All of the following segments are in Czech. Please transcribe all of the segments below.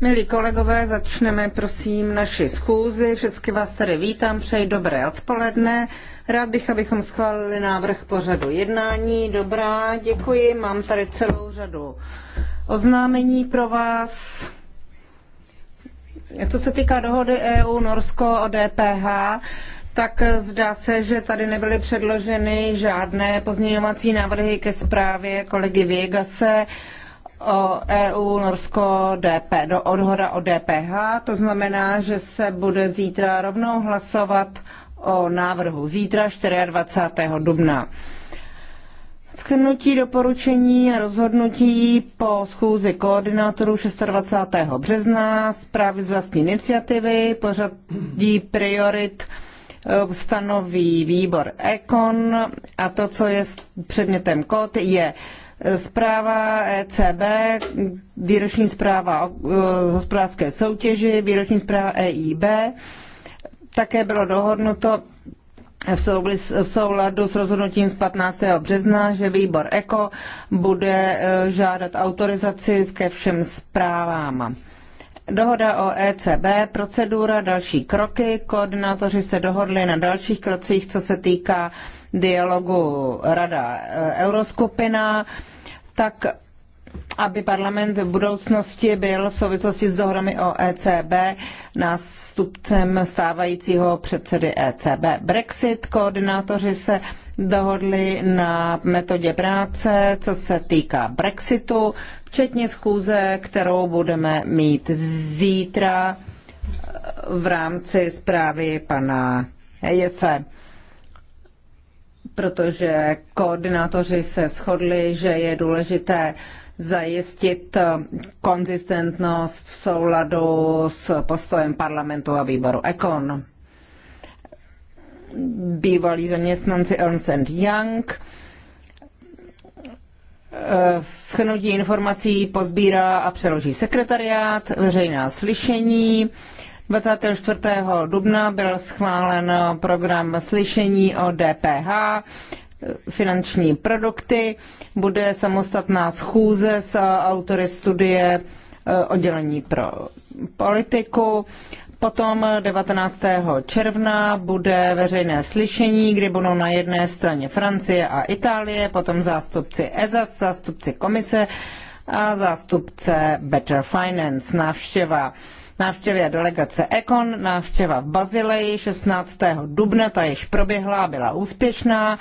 Milí kolegové, začneme prosím naši schůzi. Všechny vás tady vítám, přeji dobré odpoledne. Rád bych, abychom schválili návrh pořadu jednání. Dobrá, děkuji. Mám tady celou řadu oznámení pro vás. Co se týká dohody EU-Norsko o DPH, tak zdá se, že tady nebyly předloženy žádné pozměňovací návrhy ke zprávě kolegy Věgase o EU Norsko DP, do odhoda o DPH. To znamená, že se bude zítra rovnou hlasovat o návrhu zítra 24. dubna. Schrnutí doporučení a rozhodnutí po schůzi koordinátorů 26. března, zprávy z vlastní iniciativy, pořadí priorit Eh, stanoví výbor Econ a to, co je předmětem kód, je eh, zpráva ECB, výroční zpráva o eh, hospodářské soutěži, výroční zpráva EIB. Také bylo dohodnuto v souladu s rozhodnutím z 15. března, že výbor ECO bude žádat autorizaci ke všem zprávám. Dohoda o ECB, procedura, další kroky. Koordinátoři se dohodli na dalších krocích, co se týká dialogu Rada eh, Euroskupina, tak aby parlament v budoucnosti byl v souvislosti s dohodami o ECB nástupcem stávajícího předsedy ECB. Brexit, koordinátoři se dohodli na metodě práce, co se týká Brexitu, včetně schůze, kterou budeme mít zítra eh, v rámci zprávy pana Jese protože koordinátoři se shodli, že je důležité zajistit eh, konzistentnost v souladu s postojem parlamentu a výboru Ekon bývalí zaměstnanci Ernst Young. Eh, schnutí informací pozbírá a přeloží sekretariát, veřejná slyšení. 24. dubna byl schválen program slyšení o DPH, finanční produkty. Bude samostatná schůze s autory studie eh, oddělení pro politiku. Potom 19. června bude veřejné slyšení, kdy budou na jedné straně Francie a Itálie, potom zástupci ESAS, zástupci komise a zástupce Better Finance. Návštěva Návštěvě delegace Econ, návštěva v Bazileji 16. dubna, ta již proběhla a byla úspěšná.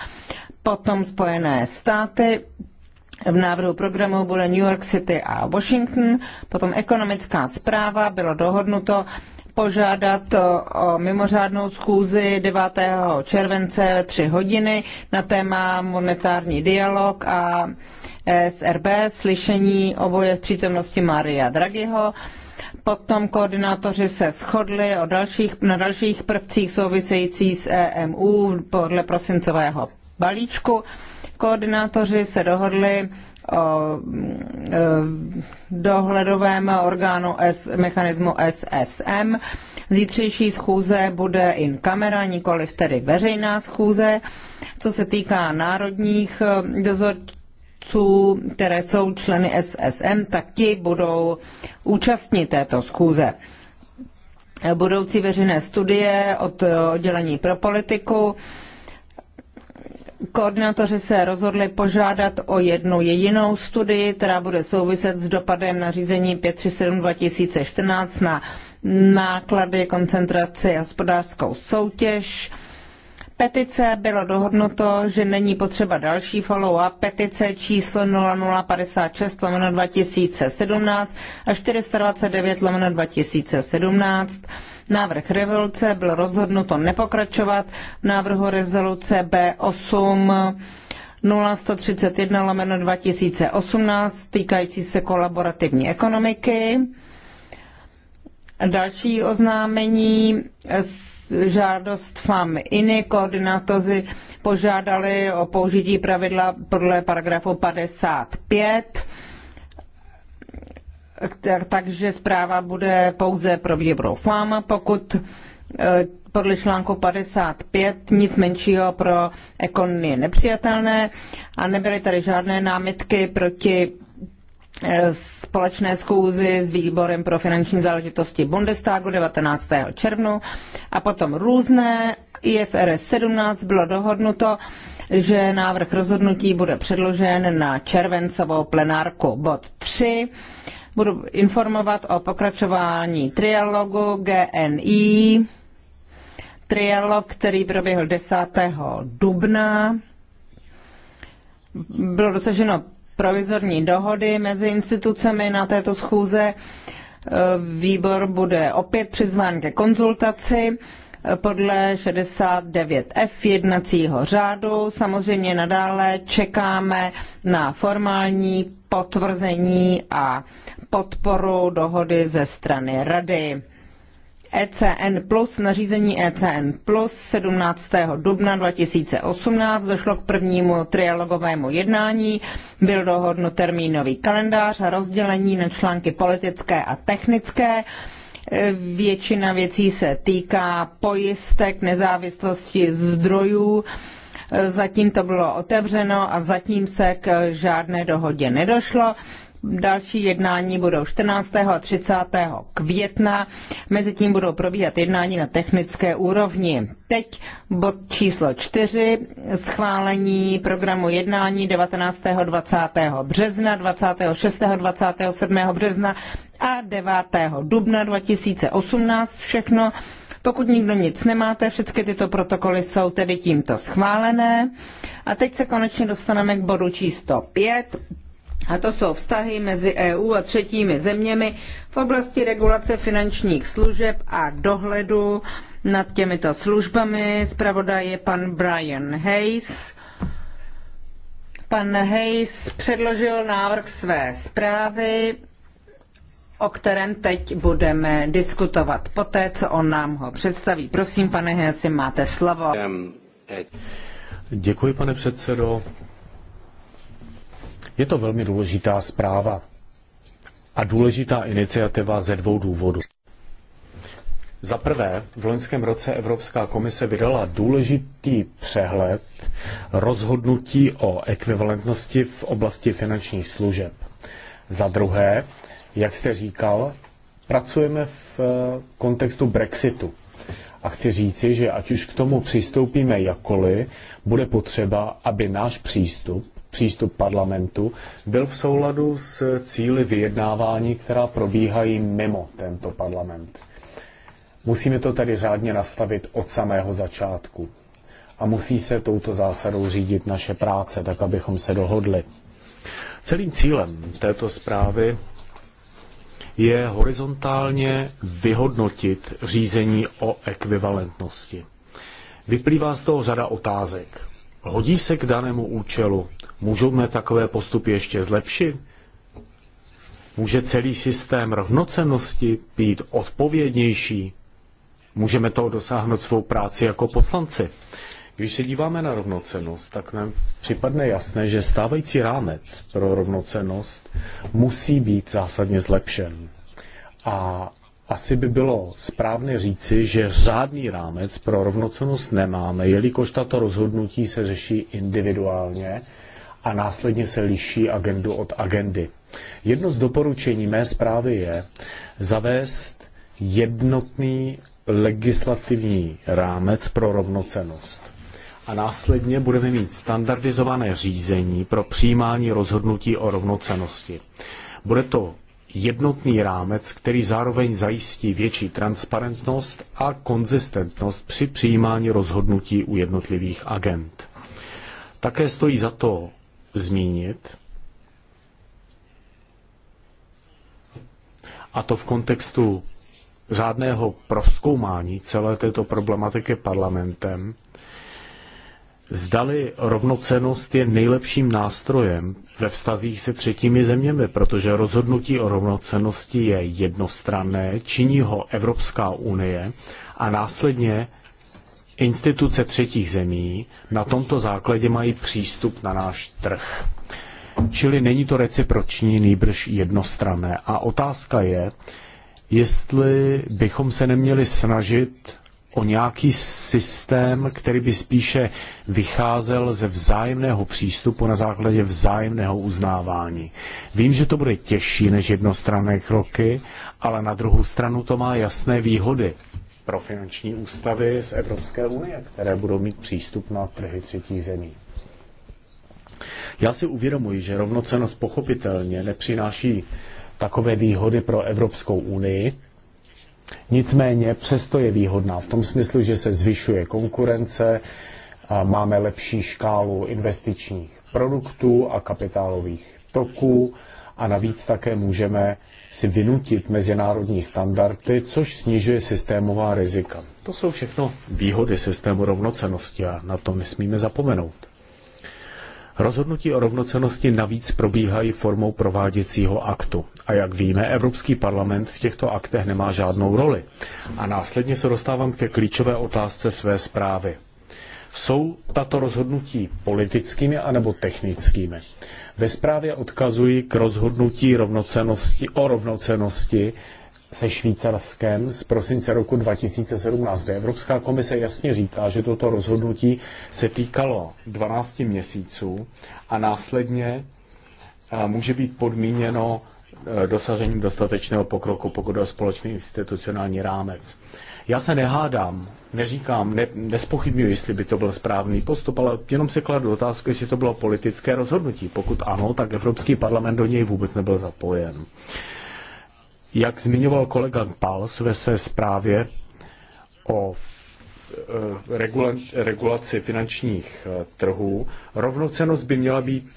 Potom Spojené státy, v návrhu programu bude New York City a Washington, potom ekonomická zpráva, bylo dohodnuto, požádat o mimořádnou schůzi 9. července 3 hodiny na téma monetární dialog a SRB, slyšení oboje v přítomnosti Maria Draghiho. Potom koordinátoři se shodli o dalších, na dalších prvcích souvisejících s EMU podle prosincového balíčku. Koordinátoři se dohodli o e, dohledovém orgánu S, mechanismu SSM. Zítřejší schůze bude in kamera, nikoli tedy veřejná schůze. Co se týká národních e, dozorců, které jsou členy SSM, tak ti budou účastní této schůze. Budoucí veřejné studie od oddělení pro politiku Koordinátoři se rozhodli požádat o jednu jedinou studii, která bude souviset s dopadem nařízení 537 2014 na náklady, koncentraci a hospodářskou soutěž. Petice bylo dohodnuto, že není potřeba další follow-up. Petice číslo 0056 lomeno 2017 a 429 lomeno 2017 návrh revoluce, bylo rozhodnuto nepokračovat v návrhu rezoluce B8 0131 lomeno 2018 týkající se kolaborativní ekonomiky. Další oznámení žádost FAM INI koordinátoři požádali o použití pravidla podle paragrafu 55 takže zpráva bude pouze pro výbrou FAM, pokud eh, podle článku 55 nic menšího pro ekon je nepřijatelné a nebyly tady žádné námitky proti eh, společné schůzi s výborem pro finanční záležitosti Bundestagu 19. červnu a potom různé IFRS 17 bylo dohodnuto, že návrh rozhodnutí bude předložen na červencovou plenárku bod 3. Budu informovat o pokračování trialogu GNI. Trialog, který proběhl 10. dubna. Bylo dosaženo provizorní dohody mezi institucemi na této schůze. Výbor bude opět přizván ke konzultaci podle 69F jednacího řádu. Samozřejmě nadále čekáme na formální potvrzení a podporu dohody ze strany Rady. ECN plus, nařízení ECN plus 17. dubna 2018 došlo k prvnímu trialogovému jednání, byl dohodnut termínový kalendář a rozdělení na články politické a technické. Většina věcí se týká pojistek, nezávislosti zdrojů. Zatím to bylo otevřeno a zatím se k žádné dohodě nedošlo. Další jednání budou 14. a 30. května. Mezitím budou probíhat jednání na technické úrovni. Teď bod číslo 4, schválení programu jednání 19. 20. března, 26. 27. března a 9. dubna 2018 všechno. Pokud nikdo nic nemáte, všechny tyto protokoly jsou tedy tímto schválené. A teď se konečně dostaneme k bodu číslo 5 a to jsou vztahy mezi EU a třetími zeměmi v oblasti regulace finančních služeb a dohledu nad těmito službami. Zpravodaj je pan Brian Hayes. Pan Hayes předložil návrh své zprávy, o kterém teď budeme diskutovat poté, co on nám ho představí. Prosím, pane Hayesi, máte slovo. Děkuji, pane předsedo. Je to velmi důležitá zpráva a důležitá iniciativa ze dvou důvodů. Za prvé, v loňském roce Evropská komise vydala důležitý přehled rozhodnutí o ekvivalentnosti v oblasti finančních služeb. Za druhé, jak jste říkal, pracujeme v eh, kontextu Brexitu. A chci říci, že ať už k tomu přistoupíme jakkoliv, bude potřeba, aby náš přístup přístup parlamentu byl v souladu s cíly vyjednávání, která probíhají mimo tento parlament. Musíme to tedy řádně nastavit od samého začátku. A musí se touto zásadou řídit naše práce, tak abychom se dohodli. Celým cílem této zprávy je horizontálně vyhodnotit řízení o ekvivalentnosti. Vyplývá z toho řada otázek. Hodí se k danému účelu? Můžou mne takové postupy ještě zlepšit? Může celý systém rovnocenosti být odpovědnější? Můžeme toho dosáhnout svou práci jako poslanci? Když se díváme na rovnocenost, tak nám připadne jasné, že stávající rámec pro rovnocenost musí být zásadně zlepšen. A asi by bylo správné říci, že žádný rámec pro rovnocenost nemáme, jelikož tato rozhodnutí se řeší individuálně a následně se liší agendu od agendy. Jedno z doporučení mé zprávy je zavést jednotný legislativní rámec pro rovnocenost. A následně budeme mít standardizované řízení pro přijímání rozhodnutí o rovnocenosti. Bude to jednotný rámec, který zároveň zajistí větší transparentnost a konzistentnost při přijímání rozhodnutí u jednotlivých agent. Také stojí za to zmínit, a to v kontextu řádného proskoumání celé této problematiky parlamentem, zdali rovnocenost je nejlepším nástrojem ve vztazích se třetími zeměmi, protože rozhodnutí o rovnocenosti je jednostranné, činí ho Evropská unie a následně instituce třetích zemí na tomto základě mají přístup na náš trh. Čili není to reciproční, nýbrž jednostranné. A otázka je, jestli bychom se neměli snažit o nějaký systém, který by spíše vycházel ze vzájemného přístupu na základě vzájemného uznávání. Vím, že to bude těžší než jednostranné kroky, ale na druhou stranu to má jasné výhody pro finanční ústavy z Evropské unie, které budou mít přístup na trhy třetí zemí. Já si uvědomuji, že rovnocenost pochopitelně nepřináší takové výhody pro Evropskou unii, Nicméně přesto je výhodná v tom smyslu, že se zvyšuje konkurence, máme lepší škálu investičních produktů a kapitálových toků a navíc také můžeme si vynutit mezinárodní standardy, což snižuje systémová rizika. To jsou všechno výhody systému rovnocenosti a na to nesmíme zapomenout. Rozhodnutí o rovnocenosti navíc probíhají formou prováděcího aktu. A jak víme, Evropský parlament v těchto aktech nemá žádnou roli. A následně se dostávám ke klíčové otázce své zprávy. Jsou tato rozhodnutí politickými anebo technickými? Ve zprávě odkazuji k rozhodnutí rovnocenosti, o rovnocenosti se Švýcarskem z prosince roku 2017, kde Evropská komise jasně říká, že toto rozhodnutí se týkalo 12 měsíců a následně eh, může být podmíněno eh, dosažením dostatečného pokroku, pokud je společný institucionální rámec. Já se nehádám, neříkám, ne, nespochybnuju, jestli by to byl správný postup, ale jenom si kladu otázku, jestli to bylo politické rozhodnutí. Pokud ano, tak Evropský parlament do něj vůbec nebyl zapojen. Uh, jak zmiňoval kolega Pals ve své zprávě o eh, regulaci finančních eh, trhů, rovnocenost by měla být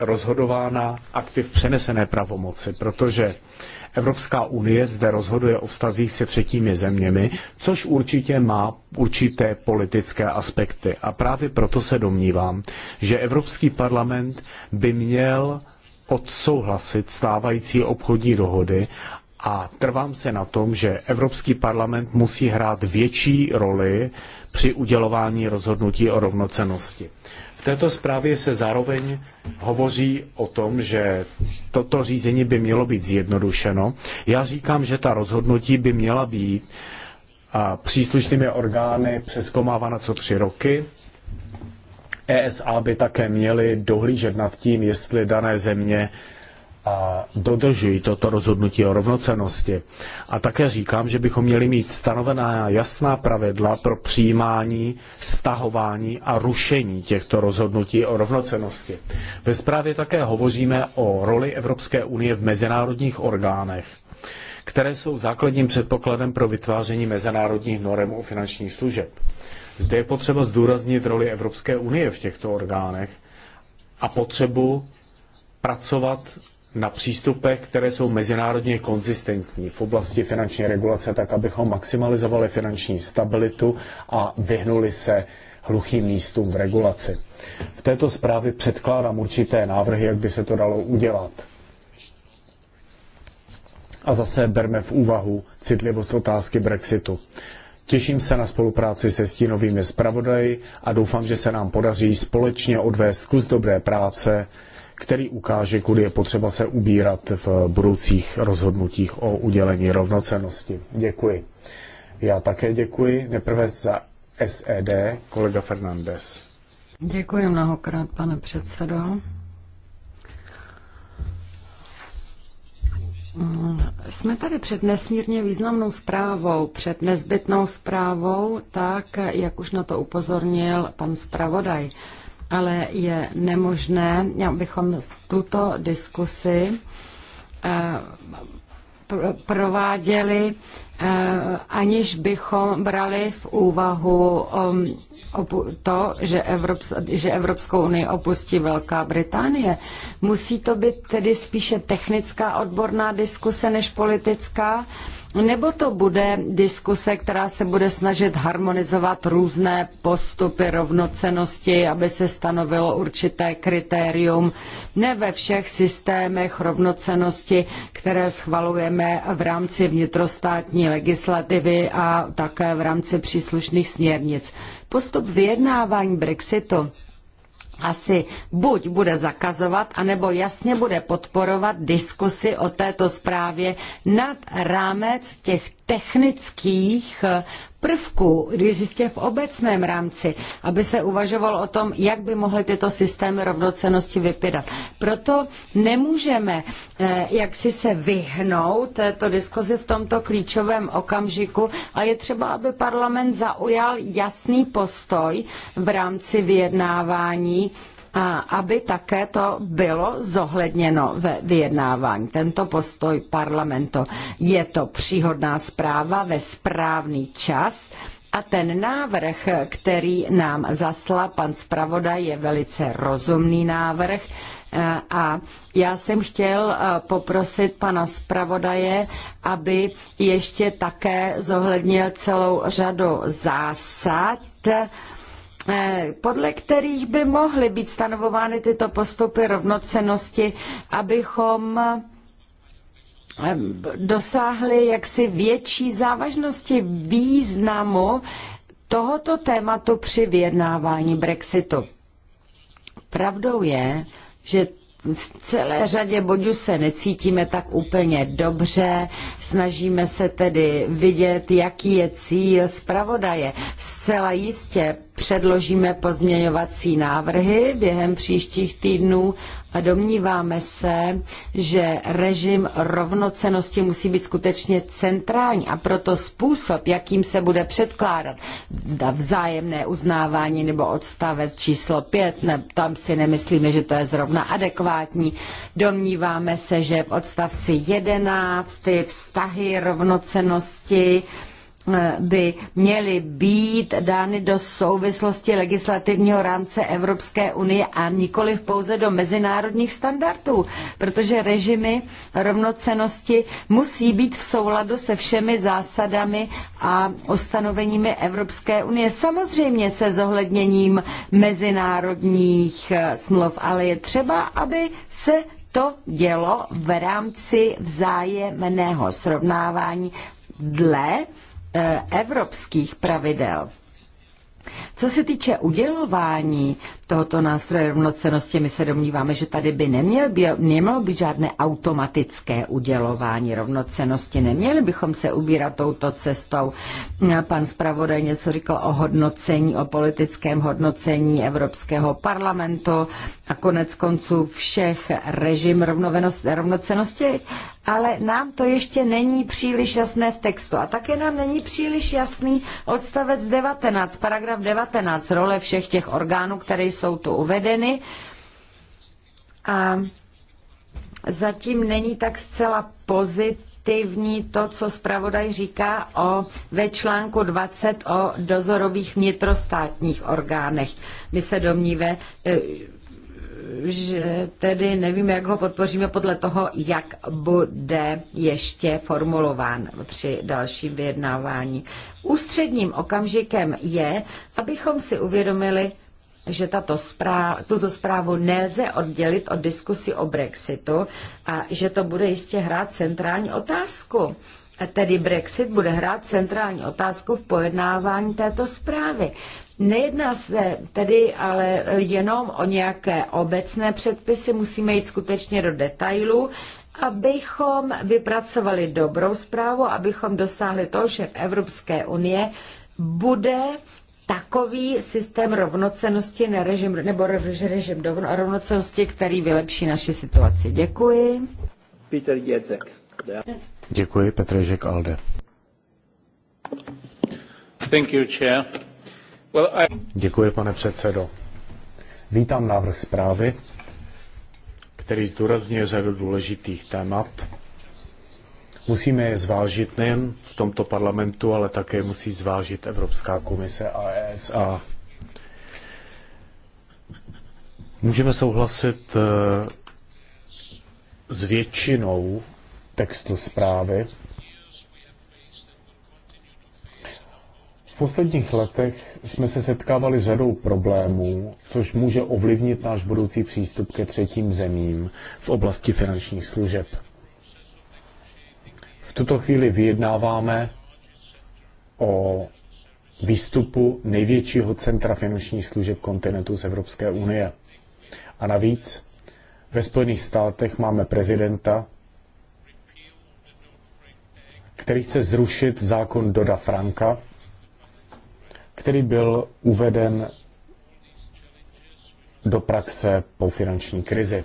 rozhodována aktiv přenesené pravomoci, protože Evropská unie zde rozhoduje o vztazích se třetími zeměmi, což určitě má určité politické aspekty. A právě proto se domnívám, že Evropský parlament by měl odsouhlasit stávající obchodní dohody a trvám se na tom, že Evropský parlament musí hrát větší roli při udělování rozhodnutí o rovnocenosti. V této zprávě se zároveň hovoří o tom, že toto řízení by mělo být zjednodušeno. Já říkám, že ta rozhodnutí by měla být a příslušnými orgány přeskomávána co tři roky. ESA by také měly dohlížet nad tím, jestli dané země dodržují toto rozhodnutí o rovnocenosti. A také říkám, že bychom měli mít stanovená jasná pravidla pro přijímání, stahování a rušení těchto rozhodnutí o rovnocenosti. Ve zprávě také hovoříme o roli Evropské unie v mezinárodních orgánech které jsou základním předpokladem pro vytváření mezinárodních norem o finančních služeb. Zde je potřeba zdůraznit roli Evropské unie v těchto orgánech a potřebu pracovat na přístupech, které jsou mezinárodně konzistentní v oblasti finanční regulace, tak abychom maximalizovali finanční stabilitu a vyhnuli se hluchým místům v regulaci. V této zprávě předkládám určité návrhy, jak by se to dalo udělat. A zase berme v úvahu citlivost otázky Brexitu. Těším se na spolupráci se stínovými zpravodaji a doufám, že se nám podaří společně odvést kus dobré práce který ukáže, kudy je potřeba se ubírat v budoucích rozhodnutích o udělení rovnocenosti. Děkuji. Já také děkuji. Neprve za SED, kolega Fernandez. Děkuji mnohokrát, pane předsedo. Jsme tady před nesmírně významnou zprávou, před nezbytnou zprávou, tak jak už na to upozornil pan zpravodaj ale je nemožné, abychom tuto diskusi eh, prováděli, eh, aniž bychom brali v úvahu um, to, že, Evrops, že Evropskou unii opustí Velká Británie. Musí to být tedy spíše technická odborná diskuse než politická? Nebo to bude diskuse, která se bude snažit harmonizovat různé postupy rovnocenosti, aby se stanovilo určité kritérium? Ne ve všech systémech rovnocenosti, které schvalujeme v rámci vnitrostátní legislativy a také v rámci příslušných směrnic. Postup vyjednávání Brexitu asi buď bude zakazovat, anebo jasně bude podporovat diskusy o této zprávě nad rámec těch technických eh, prvků, když zjistě v obecném rámci, aby se uvažoval o tom, jak by mohly tyto systémy rovnocenosti vypadat. Proto nemůžeme eh, jak si se vyhnout této diskuzi v tomto klíčovém okamžiku a je třeba, aby parlament zaujal jasný postoj v rámci vyjednávání aby také to bylo zohledněno ve vyjednávání. Tento postoj parlamentu je to příhodná zpráva ve správný čas. A ten návrh, který nám zasla pan zpravodaj, je velice rozumný návrh. A já jsem chtěl eh, poprosit pana zpravodaje, aby ještě také zohlednil celou řadu zásad, Eh, podle kterých by mohly být stanovovány tyto postupy rovnocenosti, abychom eh, dosáhli jaksi větší závažnosti významu tohoto tématu při vyjednávání Brexitu. Pravdou je, že v celé řadě bodů se necítíme tak úplně dobře, snažíme se tedy vidět, jaký je cíl zpravodaje. Zcela jistě Předložíme pozměňovací návrhy během příštích týdnů a domníváme se, že režim rovnocenosti musí být skutečně centrální a proto způsob, jakým se bude předkládat vzájemné uznávání nebo odstavec číslo 5, ne, tam si nemyslíme, že to je zrovna adekvátní. Domníváme se, že v odstavci 11 ty vztahy rovnocenosti by měly být dány do souvislosti legislativního rámce Evropské unie a nikoli pouze do mezinárodních standardů, protože režimy rovnocenosti musí být v souladu se všemi zásadami a ustanoveními Evropské unie. Samozřejmě se zohledněním mezinárodních eh, smluv, ale je třeba, aby se to dělo v rámci vzájemného srovnávání dle Eh, evropských pravidel. Co se týče udělování tohoto nástroje rovnocenosti, my se domníváme, že tady by neměl by, nemělo být žádné automatické udělování rovnocenosti. Neměli bychom se ubírat touto cestou. Pan zpravodaj něco říkal o hodnocení, o politickém hodnocení Evropského parlamentu a konec konců všech režim rovnocenosti, ale nám to ještě není příliš jasné v textu. A také nám není příliš jasný odstavec 19, paragraf paragraf 19, role všech těch orgánů, které jsou tu uvedeny. A zatím není tak zcela pozitivní to, co zpravodaj říká o, ve článku 20 o dozorových vnitrostátních orgánech. My se domníváme, eh, že tedy nevím, jak ho podpoříme podle toho, jak bude ještě formulován při dalším vyjednávání. Ústředním okamžikem je, abychom si uvědomili, že tato zpráv, tuto zprávu nelze oddělit od diskusy o Brexitu a že to bude jistě hrát centrální otázku. Tedy Brexit bude hrát centrální otázku v pojednávání této zprávy. Nejedná se tedy ale jenom o nějaké obecné předpisy, musíme jít skutečně do detailů, abychom vypracovali dobrou zprávu, abychom dosáhli toho, že v Evropské unie bude takový systém rovnocenosti ne režim, nebo režim rovnocenosti, který vylepší naši situaci. Děkuji. Peter Jezek. Děkuji, Petr Ježek Alde. Thank you, chair. Děkuji, pane předsedo. Vítám návrh zprávy, který zdůrazňuje řadu důležitých témat. Musíme je zvážit nejen v tomto parlamentu, ale také musí zvážit Evropská komise a ESA. Můžeme souhlasit eh, s většinou textu zprávy, V posledních letech jsme se setkávali s řadou problémů, což může ovlivnit náš budoucí přístup ke třetím zemím v oblasti finančních služeb. V tuto chvíli vyjednáváme o výstupu největšího centra finančních služeb kontinentu z Evropské unie. A navíc ve Spojených státech máme prezidenta, který chce zrušit zákon Doda Franka, který byl uveden do praxe po finanční krizi.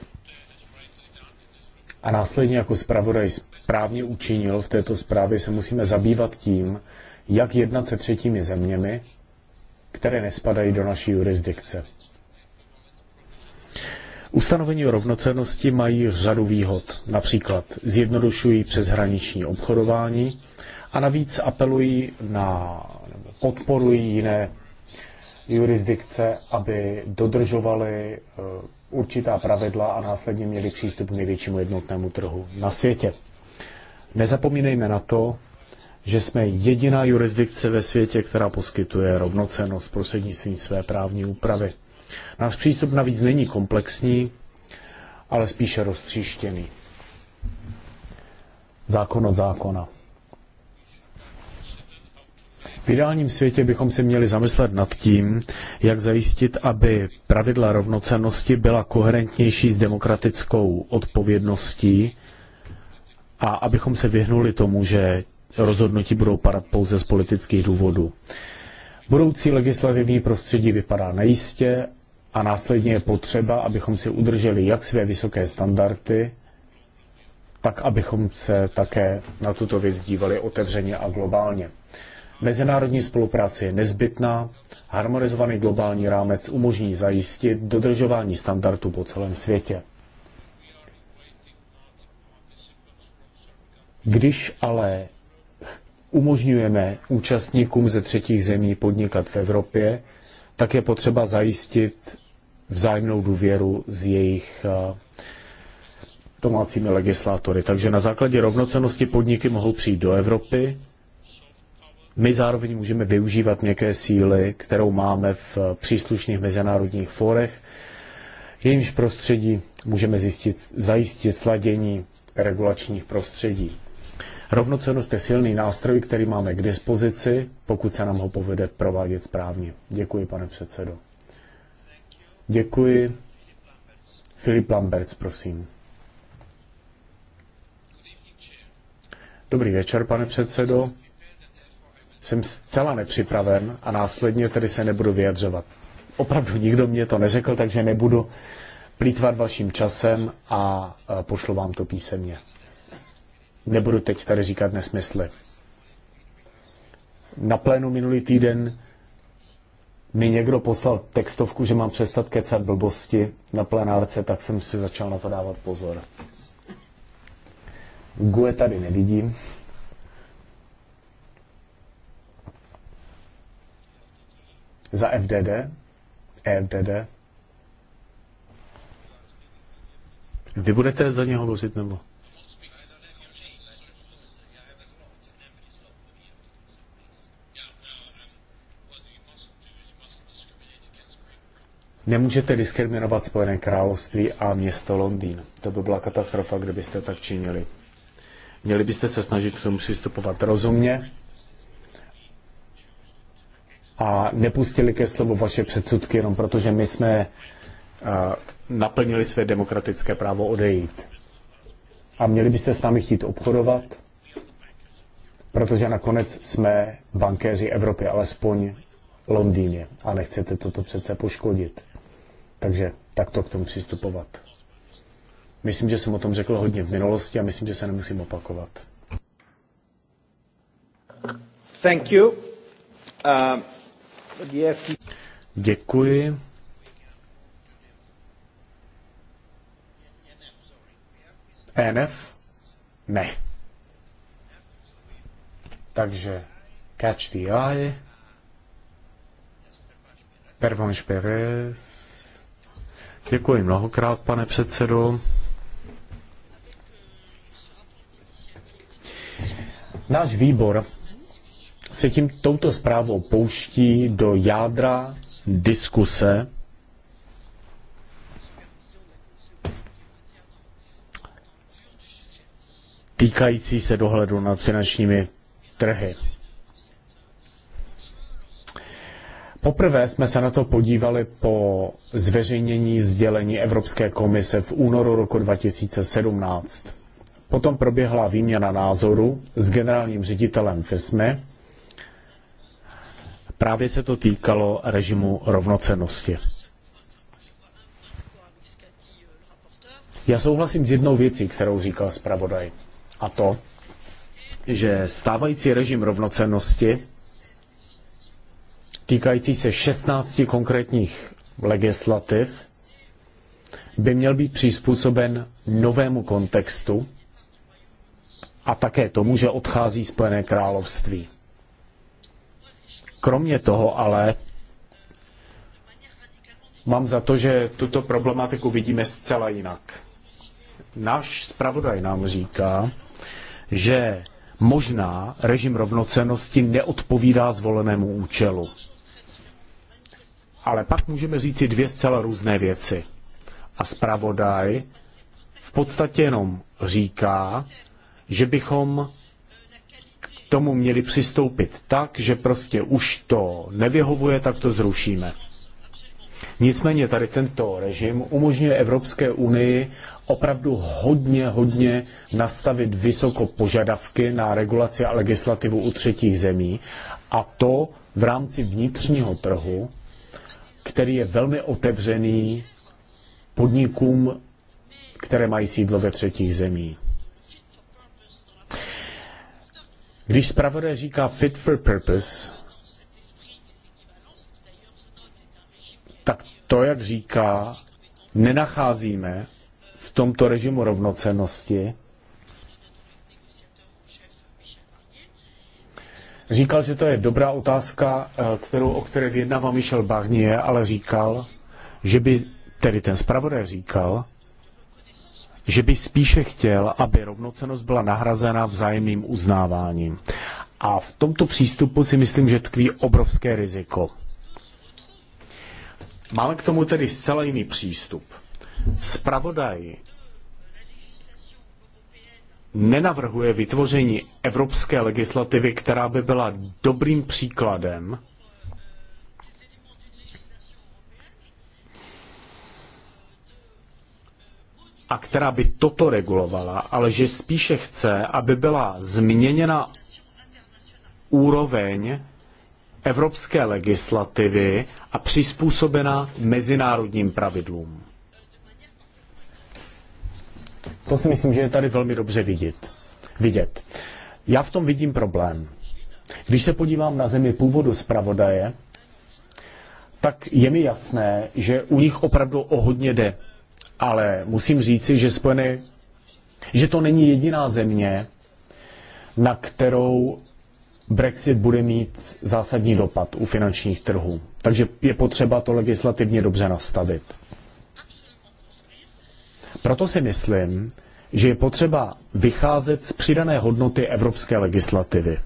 A následně jako zpravodaj správně učinil, v této zprávě se musíme zabývat tím, jak jednat se třetími zeměmi, které nespadají do naší jurisdikce. Ustanovení o rovnocennosti mají řadu výhod. Například zjednodušují přeshraniční obchodování, a navíc apelují na, podporují jiné jurisdikce, aby dodržovali eh, určitá pravidla a následně měli přístup k největšímu jednotnému trhu na světě. Nezapomínejme na to, že jsme jediná jurisdikce ve světě, která poskytuje rovnocenost prostřednictvím své právní úpravy. Náš přístup navíc není komplexní, ale spíše roztříštěný. Zákon od zákona. V ideálním světě bychom se měli zamyslet nad tím, jak zajistit, aby pravidla rovnocennosti byla koherentnější s demokratickou odpovědností a abychom se vyhnuli tomu, že rozhodnutí budou padat pouze z politických důvodů. Budoucí legislativní prostředí vypadá nejistě a následně je potřeba, abychom si udrželi jak své vysoké standardy, tak abychom se také na tuto věc dívali otevřeně a globálně. Mezinárodní spolupráce je nezbytná, harmonizovaný globální rámec umožní zajistit dodržování standardů po celém světě. Když ale umožňujeme účastníkům ze třetích zemí podnikat v Evropě, tak je potřeba zajistit vzájemnou důvěru s jejich eh, domácími legislátory. Takže na základě rovnocenosti podniky mohou přijít do Evropy, my zároveň můžeme využívat měkké síly, kterou máme v příslušných mezinárodních fórech, jejímž prostředí můžeme zjistit, zajistit sladění regulačních prostředí. Rovnocenost je silný nástroj, který máme k dispozici, pokud se nám ho povede provádět správně. Děkuji, pane předsedo. Děkuji. Filip Lamberts, prosím. Dobrý večer, pane předsedo jsem zcela nepřipraven a následně tedy se nebudu vyjadřovat. Opravdu nikdo mě to neřekl, takže nebudu plítvat vaším časem a e, pošlu vám to písemně. Nebudu teď tady říkat nesmysly. Na plénu minulý týden mi někdo poslal textovku, že mám přestat kecat blbosti na plenárce, tak jsem si začal na to dávat pozor. Gue tady nevidím. za FDD, EFDD. Vy budete za něho vozit nebo? Nemůžete diskriminovat Spojené království a město Londýn. To by byla katastrofa, kdybyste tak činili. Měli byste se snažit k tomu přistupovat rozumně a nepustili ke slovu vaše předsudky, jenom protože my jsme eh, naplnili své demokratické právo odejít. A měli byste s námi chtít obchodovat, protože nakonec jsme bankéři Evropy, alespoň Londýně. A nechcete toto přece poškodit. Takže takto k tomu přistupovat. Myslím, že jsem o tom řekl hodně v minulosti a myslím, že se nemusím opakovat. Thank you. Uh... Děkuji. E NF? Ne. Takže Catch the Eye, Pervonš Perez. Děkuji mnohokrát, pane předsedo. Náš výbor se tím touto zprávou pouští do jádra diskuse týkající se dohledu nad finančními trhy. Poprvé jsme se na to podívali po zveřejnění sdělení Evropské komise v únoru roku 2017. Potom proběhla výměna názoru s generálním ředitelem FISME Právě se to týkalo režimu rovnocenosti. Já souhlasím s jednou věcí, kterou říkal zpravodaj. A to, že stávající režim rovnocennosti týkající se 16 konkrétních legislativ by měl být přizpůsoben novému kontextu a také tomu, že odchází Spojené království. Kromě toho ale mám za to, že tuto problematiku vidíme zcela jinak. Náš zpravodaj nám říká, že možná režim rovnocenosti neodpovídá zvolenému účelu. Ale pak můžeme říci dvě zcela různé věci. A zpravodaj v podstatě jenom říká, že bychom tomu měli přistoupit tak, že prostě už to nevyhovuje, tak to zrušíme. Nicméně tady tento režim umožňuje Evropské unii opravdu hodně, hodně nastavit vysoko požadavky na regulaci a legislativu u třetích zemí a to v rámci vnitřního trhu, který je velmi otevřený podnikům, které mají sídlo ve třetích zemích. Když zpravodaj říká fit for purpose, tak to, jak říká, nenacházíme v tomto režimu rovnocenosti. Říkal, že to je dobrá otázka, eh, kterou, o které vyjednává Michel Barnier, ale říkal, že by, tedy ten zpravodaj říkal, že by spíše chtěl, aby rovnocenost byla nahrazena vzájemným uznáváním. A v tomto přístupu si myslím, že tkví obrovské riziko. Máme k tomu tedy zcela jiný přístup. Spravodaj nenavrhuje vytvoření evropské legislativy, která by byla dobrým příkladem a která by toto regulovala, ale že spíše chce, aby byla změněna úroveň evropské legislativy a přizpůsobena mezinárodním pravidlům. To si myslím, že je tady velmi dobře vidět. vidět. Já v tom vidím problém. Když se podívám na zemi původu zpravodaje, tak je mi jasné, že u nich opravdu o hodně jde. Ale musím říci, že Spojené, že to není jediná země, na kterou Brexit bude mít zásadní dopad u finančních trhů. Takže je potřeba to legislativně dobře nastavit. Proto si myslím, že je potřeba vycházet z přidané hodnoty evropské legislativy.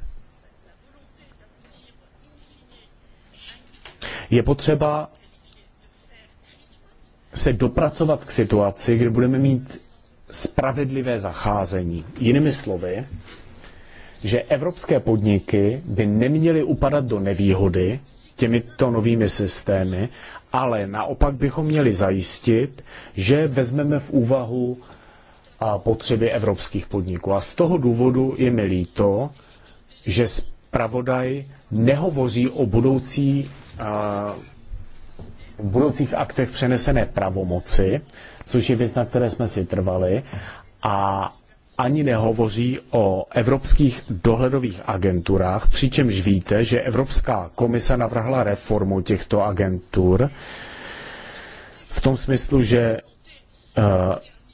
Je potřeba se dopracovat k situaci, kdy budeme mít spravedlivé zacházení. Jinými slovy, že evropské podniky by neměly upadat do nevýhody těmito novými systémy, ale naopak bychom měli zajistit, že vezmeme v úvahu a potřeby evropských podniků. A z toho důvodu je mi líto, že zpravodaj nehovoří o budoucí budoucích aktech přenesené pravomoci, což je věc, na které jsme si trvali, a ani nehovoří o evropských dohledových agenturách, přičemž víte, že Evropská komise navrhla reformu těchto agentur v tom smyslu, že eh,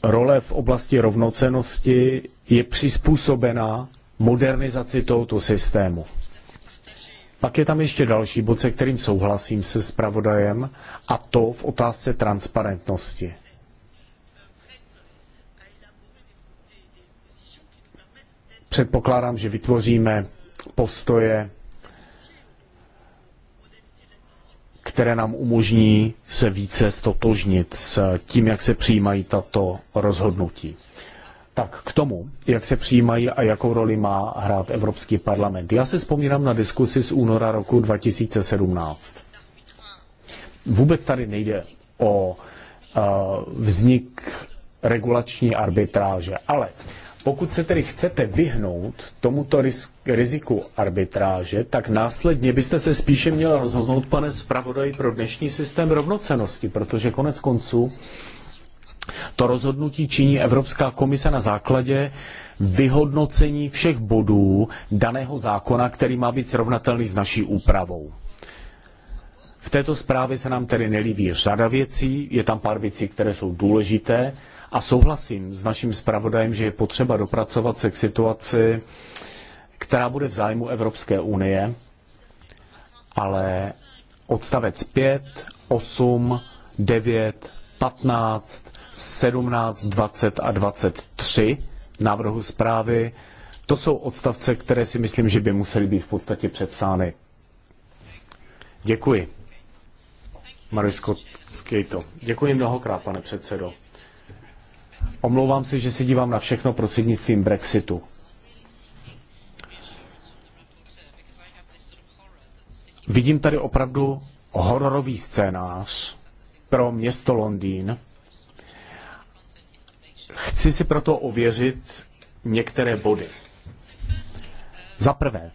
role v oblasti rovnocenosti je přizpůsobena modernizaci tohoto systému. Pak je tam ještě další bod, se kterým souhlasím se zpravodajem, a to v otázce transparentnosti. Předpokládám, že vytvoříme postoje, které nám umožní se více stotožnit s tím, jak se přijímají tato rozhodnutí. Tak k tomu, jak se přijímají a jakou roli má hrát Evropský parlament. Já se vzpomínám na diskusi z února roku 2017. Vůbec tady nejde o uh, vznik regulační arbitráže, ale pokud se tedy chcete vyhnout tomuto riziku arbitráže, tak následně byste se spíše měl rozhodnout, pane zpravodaj, pro dnešní systém rovnocenosti, protože konec konců to rozhodnutí činí Evropská komise na základě vyhodnocení všech bodů daného zákona, který má být srovnatelný s naší úpravou. V této zprávě se nám tedy nelíbí řada věcí, je tam pár věcí, které jsou důležité a souhlasím s naším zpravodajem, že je potřeba dopracovat se k situaci, která bude v zájmu Evropské unie, ale odstavec 5, 8, 9, 15, 17, 20 a 23 návrhu zprávy. To jsou odstavce, které si myslím, že by musely být v podstatě přepsány. Děkuji. Marisko Skejto. Děkuji mnohokrát, pane předsedo. Omlouvám se, že se dívám na všechno prostřednictvím Brexitu. Vidím tady opravdu hororový scénář pro město Londýn, Chci si proto ověřit některé body. Za prvé,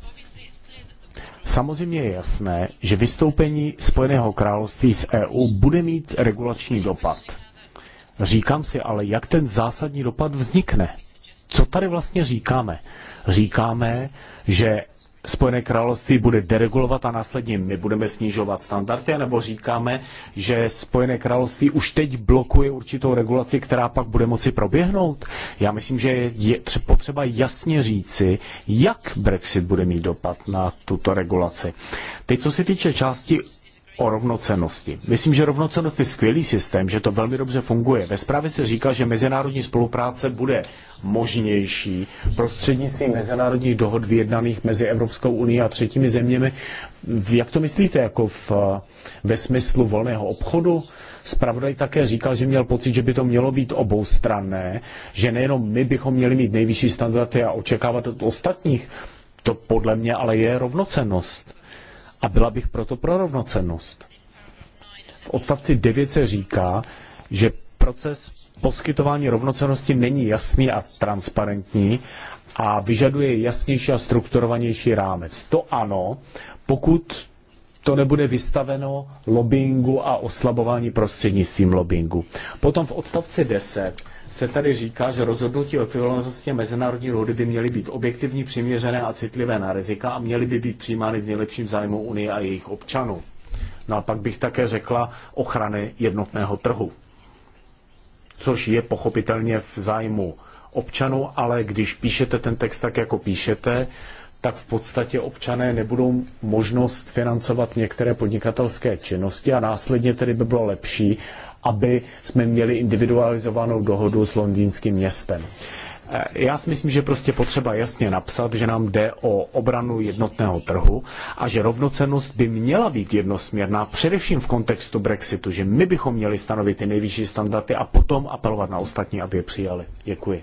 samozřejmě je jasné, že vystoupení Spojeného království z EU bude mít regulační dopad. Říkám si ale, jak ten zásadní dopad vznikne. Co tady vlastně říkáme? Říkáme, že Spojené království bude deregulovat a následně my budeme snižovat standardy, nebo říkáme, že Spojené království už teď blokuje určitou regulaci, která pak bude moci proběhnout? Já myslím, že je potřeba jasně říci, jak Brexit bude mít dopad na tuto regulaci. Teď, co se týče části o rovnocenosti. Myslím, že rovnocenost je skvělý systém, že to velmi dobře funguje. Ve zprávě se říká, že mezinárodní spolupráce bude možnější prostřednictvím mezinárodních dohod vyjednaných mezi Evropskou unii a třetími zeměmi. Jak to myslíte, jako v, ve smyslu volného obchodu? Spravodaj také říkal, že měl pocit, že by to mělo být oboustranné, že nejenom my bychom měli mít nejvyšší standardy a očekávat od ostatních. To podle mě ale je rovnocenost a byla bych proto pro rovnocennost. V odstavci 9 se říká, že proces poskytování rovnocenosti není jasný a transparentní a vyžaduje jasnější a strukturovanější rámec. To ano, pokud to nebude vystaveno lobbyingu a oslabování prostřednictvím lobbyingu. Potom v odstavci 10 se tady říká, že rozhodnutí o ekvivalentnosti mezinárodní dohody by měly být objektivní, přiměřené a citlivé na rizika a měly by být přijímány v nejlepším zájmu Unie a jejich občanů. No a pak bych také řekla ochrany jednotného trhu, což je pochopitelně v zájmu občanů, ale když píšete ten text tak, jako píšete, tak v podstatě občané nebudou možnost financovat některé podnikatelské činnosti a následně tedy by bylo lepší, aby jsme měli individualizovanou dohodu s londýnským městem. Eh, já si myslím, že prostě potřeba jasně napsat, že nám jde o obranu jednotného trhu a že rovnocennost by měla být jednosměrná, především v kontextu Brexitu, že my bychom měli stanovit ty nejvyšší standardy a potom apelovat na ostatní, aby je přijali. Děkuji.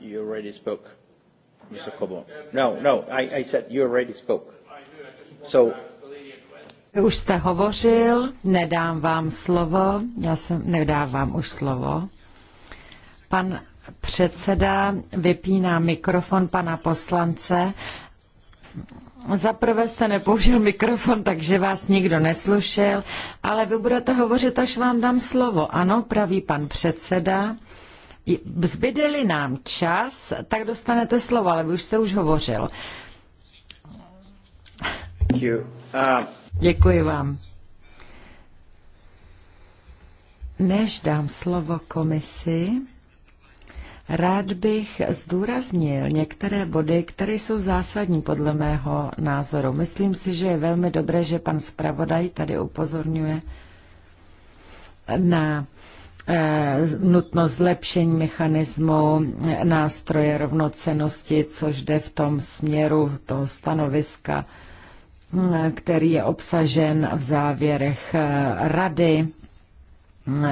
You already spoke, Mr. No, no, I, I said you already spoke. So už jste hovořil, nedám vám slovo, já jsem, nedávám už slovo. Pan předseda vypíná mikrofon pana poslance. Zaprvé jste nepoužil mikrofon, takže vás nikdo neslušel, ale vy budete hovořit, až vám dám slovo. Ano, praví pan předseda. Zbydeli nám čas, tak dostanete slovo, ale vy už jste už hovořil. Thank you. Uh... Děkuji vám. Než dám slovo komisi, rád bych zdůraznil některé body, které jsou zásadní podle mého názoru. Myslím si, že je velmi dobré, že pan zpravodaj tady upozorňuje na eh, nutnost zlepšení mechanismu nástroje rovnocenosti, což jde v tom směru toho stanoviska který je obsažen v závěrech eh, rady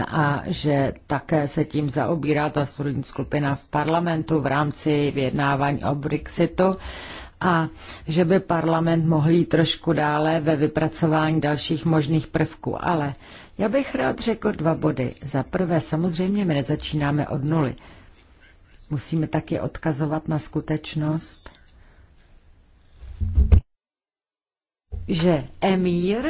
a že také se tím zaobírá ta studijní skupina v parlamentu v rámci vyjednávání o Brexitu a že by parlament mohl jít trošku dále ve vypracování dalších možných prvků. Ale já bych rád řekl dva body. Za prvé, samozřejmě my nezačínáme od nuly. Musíme taky odkazovat na skutečnost, že emír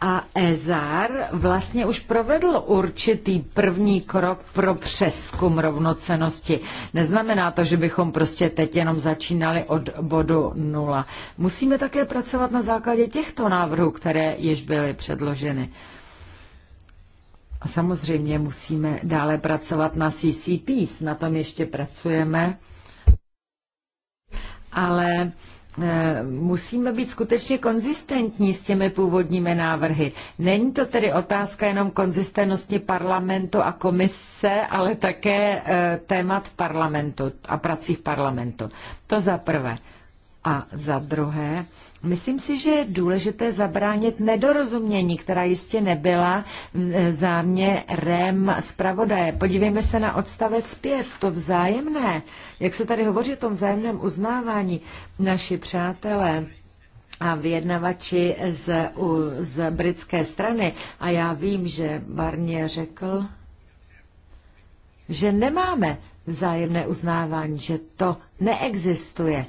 a Ezar vlastně už provedl určitý první krok pro přeskum rovnocenosti. Neznamená to, že bychom prostě teď jenom začínali od bodu nula. Musíme také pracovat na základě těchto návrhů, které již byly předloženy. A samozřejmě musíme dále pracovat na CCPs, na tom ještě pracujeme. Ale Eh, musíme být skutečně konzistentní s těmi původními návrhy. Není to tedy otázka jenom konzistentnosti parlamentu a komise, ale také eh, témat v parlamentu a prací v parlamentu. To za prvé. A za druhé, myslím si, že je důležité zabránit nedorozumění, která jistě nebyla e, záměrem zpravodaje. Podívejme se na odstavec 5, to vzájemné, jak se tady hovoří o tom vzájemném uznávání. Naši přátelé, a vyjednavači z, u, z britské strany. A já vím, že Barnier řekl, že nemáme vzájemné uznávání, že to neexistuje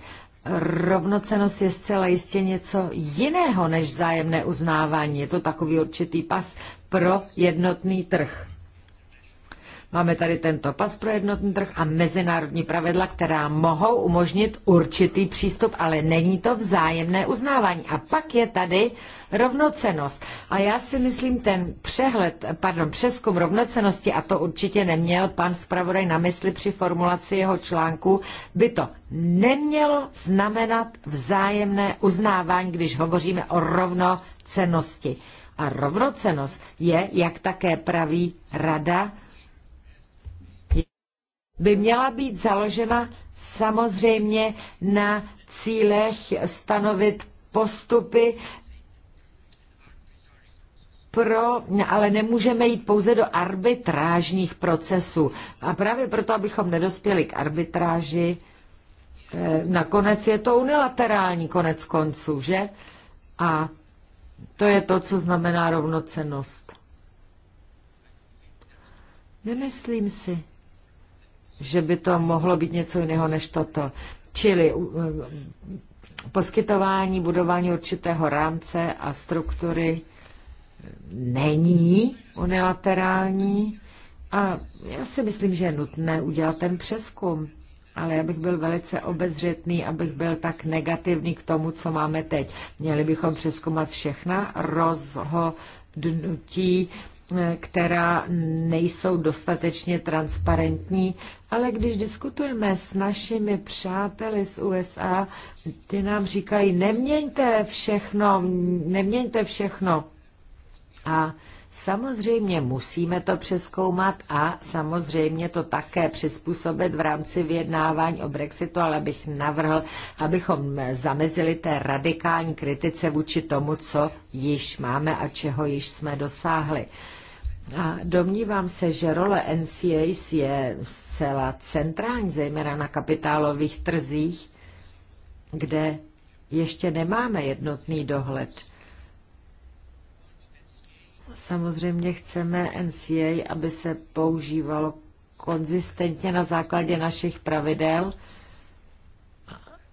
rovnocenost je zcela jistě něco jiného než vzájemné uznávání. Je to takový určitý pas pro jednotný trh. Máme tady tento pas pro jednotný trh a mezinárodní pravidla, která mohou umožnit určitý přístup, ale není to vzájemné uznávání. A pak je tady rovnocenost. A já si myslím, ten přehled, pardon, přeskum rovnocenosti, a to určitě neměl pan zpravodaj na mysli při formulaci jeho článku, by to nemělo znamenat vzájemné uznávání, když hovoříme o rovnocenosti. A rovnocenost je, jak také praví rada, by měla být založena samozřejmě na cílech stanovit postupy pro, ale nemůžeme jít pouze do arbitrážních procesů. A právě proto, abychom nedospěli k arbitráži, eh, nakonec je to unilaterální konec konců, že? A to je to, co znamená rovnocenost. Nemyslím si, že by to mohlo být něco jiného než toto. Čili poskytování, budování určitého rámce a struktury není unilaterální a já si myslím, že je nutné udělat ten přeskum. Ale já bych byl velice obezřetný, abych byl tak negativní k tomu, co máme teď. Měli bychom přeskumat všechna rozhodnutí která nejsou dostatečně transparentní, ale když diskutujeme s našimi přáteli z USA, ty nám říkají, neměňte všechno, neměňte všechno. A Samozřejmě musíme to přeskoumat a samozřejmě to také přizpůsobit v rámci vyjednávání o Brexitu, ale bych navrhl, abychom zamezili té radikální kritice vůči tomu, co již máme a čeho již jsme dosáhli. A domnívám se, že role NCAs je zcela centrální, zejména na kapitálových trzích, kde ještě nemáme jednotný dohled. Samozřejmě chceme NCA, aby se používalo konzistentně na základě našich pravidel,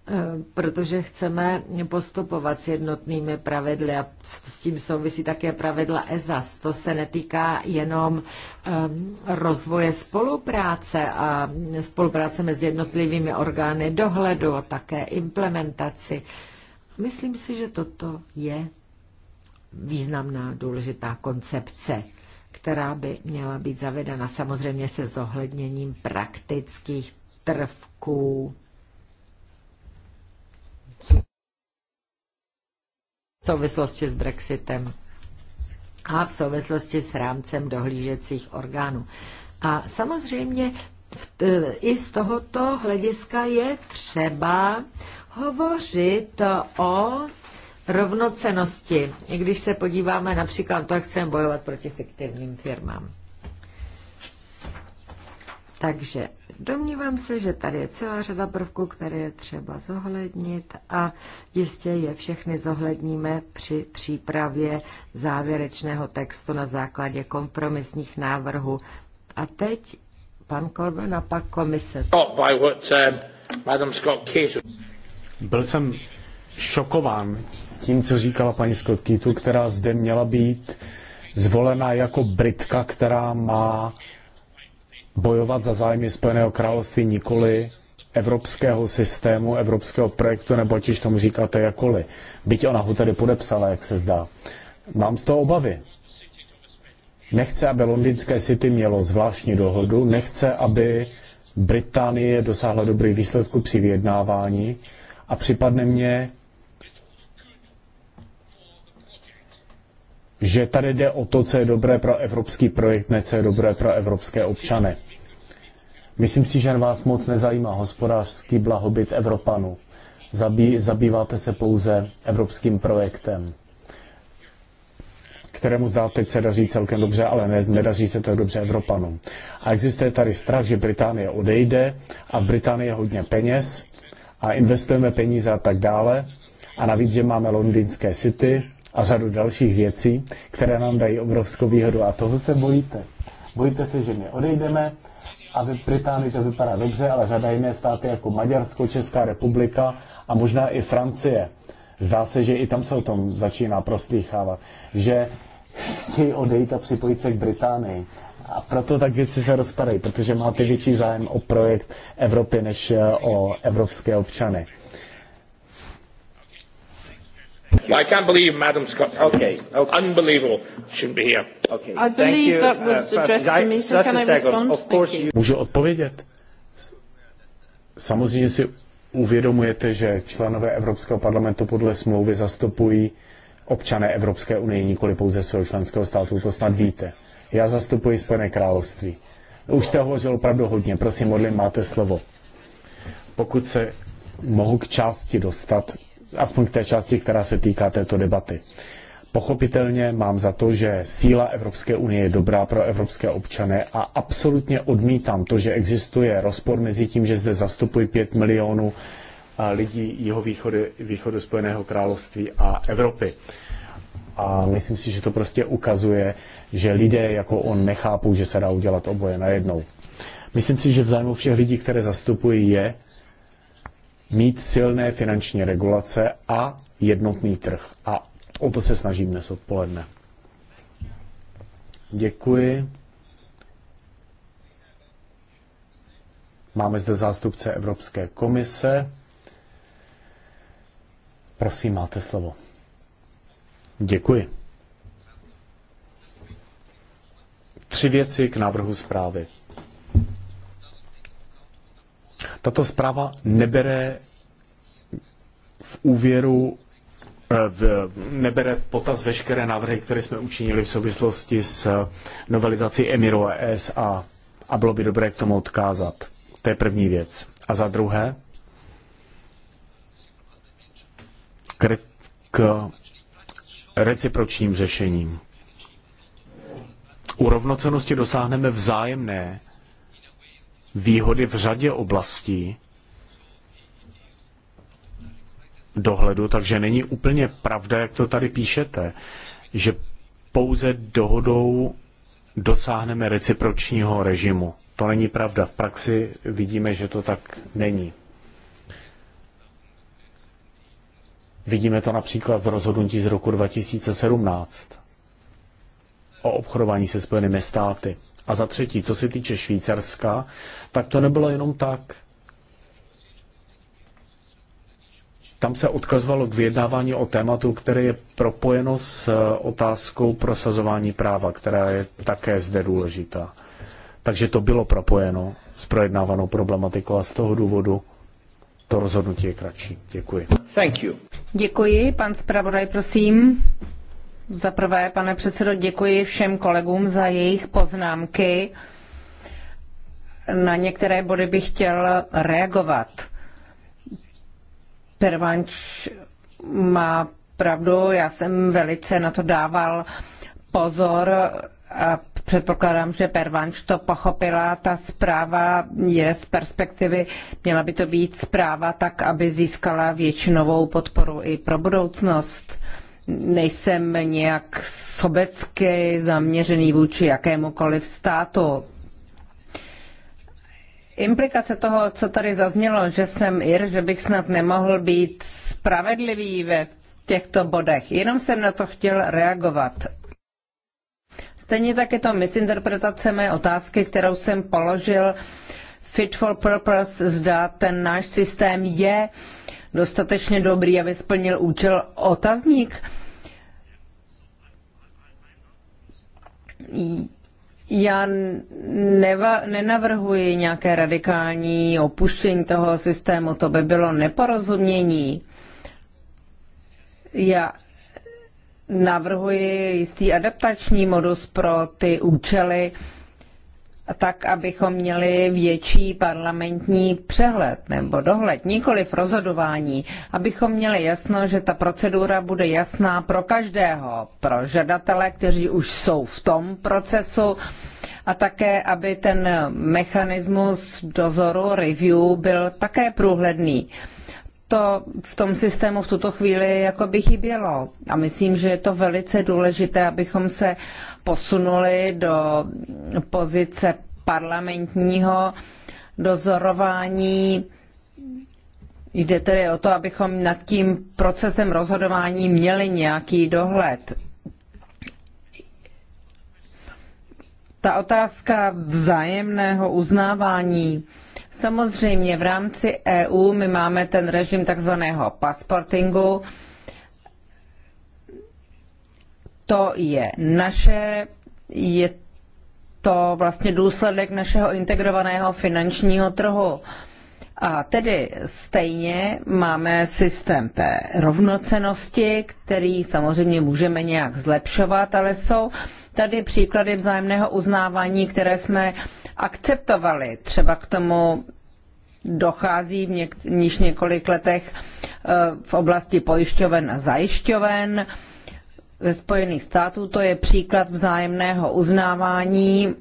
eh, protože chceme postupovat s jednotnými pravidly a s tím souvisí také pravidla ESAS. To se netýká jenom eh, rozvoje spolupráce a spolupráce mezi jednotlivými orgány dohledu a také implementaci. Myslím si, že toto je významná, důležitá koncepce, která by měla být zavedena samozřejmě se zohledněním praktických trvků v souvislosti s Brexitem a v souvislosti s rámcem dohlížecích orgánů. A samozřejmě e, i z tohoto hlediska je třeba hovořit o rovnocenosti, i když se podíváme například to, jak chceme bojovat proti fiktivním firmám. Takže domnívám se, že tady je celá řada prvků, které je třeba zohlednit a jistě je všechny zohledníme při přípravě závěrečného textu na základě kompromisních návrhů. A teď pan Corbyn a pak komise. Um, Byl jsem šokován tím, co říkala paní Scott Keatu, která zde měla být zvolena jako Britka, která má bojovat za zájmy Spojeného království nikoli evropského systému, evropského projektu, nebo ať už tomu říkáte jakoli. Byť ona ho tady podepsala, jak se zdá. Mám z toho obavy. Nechce, aby londýnské city mělo zvláštní dohodu, nechce, aby Británie dosáhla dobrých výsledků při vyjednávání a připadne mě. že tady jde o to, co je dobré pro evropský projekt, ne co je dobré pro evropské občany. Myslím si, že vás moc nezajímá hospodářský blahobyt Evropanů. Zabí, zabýváte se pouze evropským projektem, kterému zdá teď se daří celkem dobře, ale ne, nedaří se to dobře Evropanům. A existuje tady strach, že Británie odejde a v Británii je hodně peněz a investujeme peníze a tak dále. A navíc, že máme londýnské city, a řadu dalších věcí, které nám dají obrovskou výhodu. A toho se bojíte. Bojíte se, že my odejdeme a v Británii to vypadá dobře, ale řada jiné státy jako Maďarsko, Česká republika a možná i Francie. Zdá se, že i tam se o tom začíná proslýchávat, že chtějí odejít a připojit se k Británii. A proto tak věci se rozpadají, protože máte větší zájem o projekt Evropy než eh, o evropské občany. I can't believe Madam Scott. Okay, okay. Unbelievable. Shouldn't be here. Okay. I Thank believe you. that was uh, uh addressed to me, so can I second. respond? Of course you... Můžu odpovědět? Samozřejmě si uvědomujete, že členové Evropského parlamentu podle smlouvy zastupují občané Evropské unie, nikoli pouze svého členského státu, to snad víte. Já zastupuji Spojené království. Už jste hovořil opravdu hodně, prosím, modlím, máte slovo. Pokud se mohu k části dostat, aspoň k té části, která se týká této debaty. Pochopitelně mám za to, že síla Evropské unie je dobrá pro evropské občany a absolutně odmítám to, že existuje rozpor mezi tím, že zde zastupují 5 milionů eh, lidí jeho východu, východu Spojeného království a Evropy. A myslím si, že to prostě ukazuje, že lidé jako on nechápou, že se dá udělat oboje najednou. Myslím si, že v zájmu všech lidí, které zastupují, je, mít silné finanční regulace a jednotný trh. A o to se snažím dnes odpoledne. Děkuji. Máme zde zástupce Evropské komise. Prosím, máte slovo. Děkuji. Tři věci k návrhu zprávy. Tato zpráva nebere v úvěru eh, v, nebere v potaz veškeré návrhy, které jsme učinili v souvislosti s novelizací Emiru ES a, a bylo by dobré k tomu odkázat. To je první věc. A za druhé, k, k recipročním řešením. U rovnocenosti dosáhneme vzájemné výhody v řadě oblastí dohledu, takže není úplně pravda, jak to tady píšete, že pouze dohodou dosáhneme recipročního režimu. To není pravda. V praxi vidíme, že to tak není. Vidíme to například v rozhodnutí z roku 2017 o obchodování se Spojenými státy. A za třetí, co se týče Švýcarska, tak to nebylo jenom tak. Tam se odkazovalo k vyjednávání o tématu, které je propojeno s eh, otázkou prosazování práva, která je také zde důležitá. Takže to bylo propojeno s projednávanou problematikou a z toho důvodu to rozhodnutí je kratší. Děkuji. Thank you. Děkuji. Pan zpravodaj, prosím. Za prvé, pane předsedo, děkuji všem kolegům za jejich poznámky. Na některé body bych chtěl reagovat. Pervanč má pravdu, já jsem velice na to dával pozor a předpokládám, že Pervanč to pochopila. Ta zpráva je z perspektivy, měla by to být zpráva tak, aby získala většinovou podporu i pro budoucnost nejsem nějak sobecky zaměřený vůči jakémukoliv státu. Implikace toho, co tady zaznělo, že jsem Ir, že bych snad nemohl být spravedlivý ve těchto bodech. Jenom jsem na to chtěl reagovat. Stejně tak je to misinterpretace mé otázky, kterou jsem položil. Fit for purpose, zda ten náš systém je uh, dostatečně dobrý, aby splnil účel otazník? Já neva, nenavrhuji nějaké radikální opuštění toho systému, to by bylo neporozumění. Já navrhuji jistý adaptační modus pro ty účely, tak, abychom měli větší parlamentní přehled nebo dohled, nikoli v rozhodování, abychom měli jasno, že ta procedura bude jasná pro každého, pro žadatele, kteří už jsou v tom procesu a také, aby ten mechanismus dozoru, review byl také průhledný. To v tom systému v tuto chvíli jako by chybělo. A myslím, že je to velice důležité, abychom se posunuli do pozice parlamentního dozorování. Jde tedy o to, abychom nad tím procesem rozhodování měli nějaký dohled. Ta otázka vzájemného uznávání. Samozřejmě v rámci EU my máme ten režim takzvaného pasportingu. To je naše, je to vlastně důsledek našeho integrovaného finančního trhu. A tedy stejně máme systém té rovnocenosti, který samozřejmě můžeme nějak zlepšovat, ale jsou tady příklady vzájemného uznávání, které jsme akceptovali. Třeba k tomu dochází v něk- níž několik letech eh, v oblasti pojišťoven a zajišťoven ze Spojených států, to je příklad vzájemného uznávání.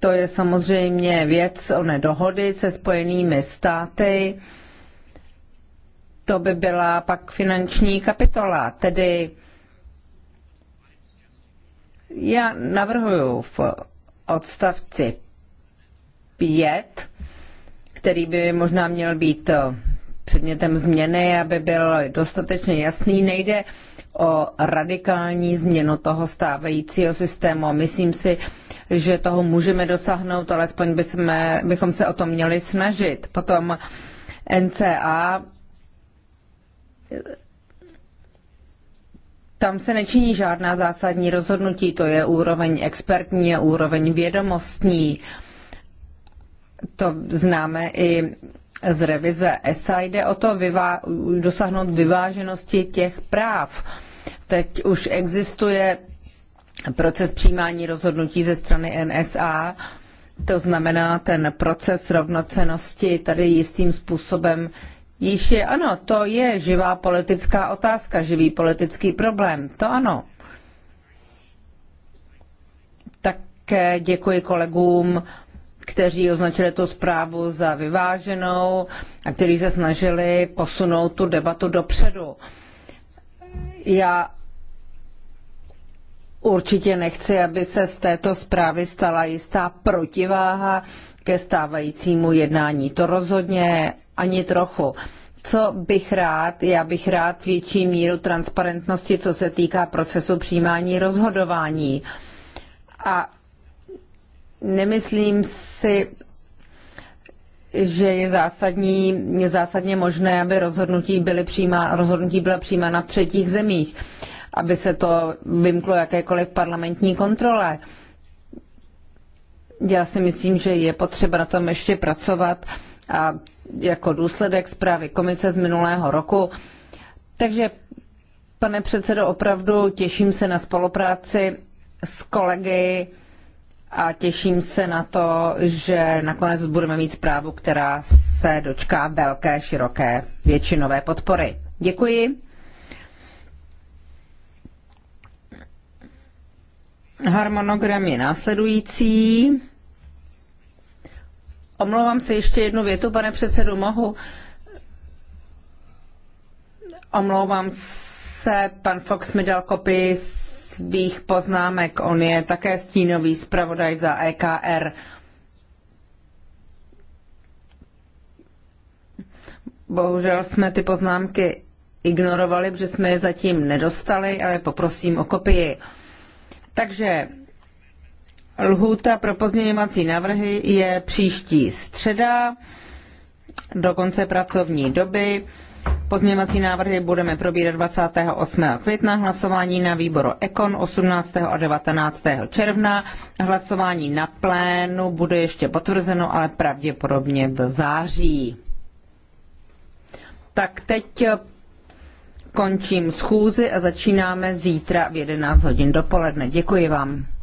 to je samozřejmě věc o nedohody se Spojenými státy. To by byla pak finanční kapitola, tedy já navrhuji v odstavci 5, který by možná měl být předmětem změny, aby byl dostatečně jasný. Nejde o radikální změnu toho stávajícího systému. Myslím si, že toho můžeme dosáhnout, alespoň bychom, bychom se o to měli snažit. Potom NCA tam se nečiní žádná zásadní rozhodnutí, to je úroveň expertní a úroveň vědomostní. To známe i z revize ESA jde o to vyvá- dosáhnout vyváženosti těch práv. Teď už existuje proces přijímání rozhodnutí ze strany NSA, to znamená ten proces rovnocenosti tady jistým způsobem již je, ano, to je živá politická otázka, živý politický problém, to ano. Také děkuji kolegům kteří označili tu zprávu za vyváženou a kteří se snažili posunout tu debatu dopředu. Já určitě nechci, aby se z této zprávy stala jistá protiváha ke stávajícímu jednání. To rozhodně ani trochu. Co bych rád? Já bych rád větší míru transparentnosti, co se týká procesu přijímání rozhodování. A Nemyslím si, že je zásadní, je zásadně možné, aby rozhodnutí, byly přijíma, rozhodnutí byla přijímána na třetích zemích, aby se to vymklo jakékoliv parlamentní kontrole. Já si myslím, že je potřeba na tom ještě pracovat a jako důsledek zprávy komise z minulého roku. Takže, pane předsedo, opravdu těším se na spolupráci s kolegy a těším se na to, že nakonec budeme mít zprávu, která se dočká velké, široké většinové podpory. Děkuji. Harmonogram je následující. Omlouvám se ještě jednu větu, pane předsedu, mohu. Omlouvám se, pan Fox mi dal kopii svých poznámek. On je také stínový zpravodaj za EKR. Bohužel jsme ty poznámky ignorovali, protože jsme je zatím nedostali, ale poprosím o kopii. Takže lhůta pro pozměňovací návrhy je příští středa do konce pracovní doby. Pozměňovací návrhy budeme probírat 28. května, hlasování na výboru Ekon 18. a 19. června. Hlasování na plénu bude ještě potvrzeno, ale pravděpodobně v září. Tak teď končím schůzi a začínáme zítra v 11 hodin dopoledne. Děkuji vám.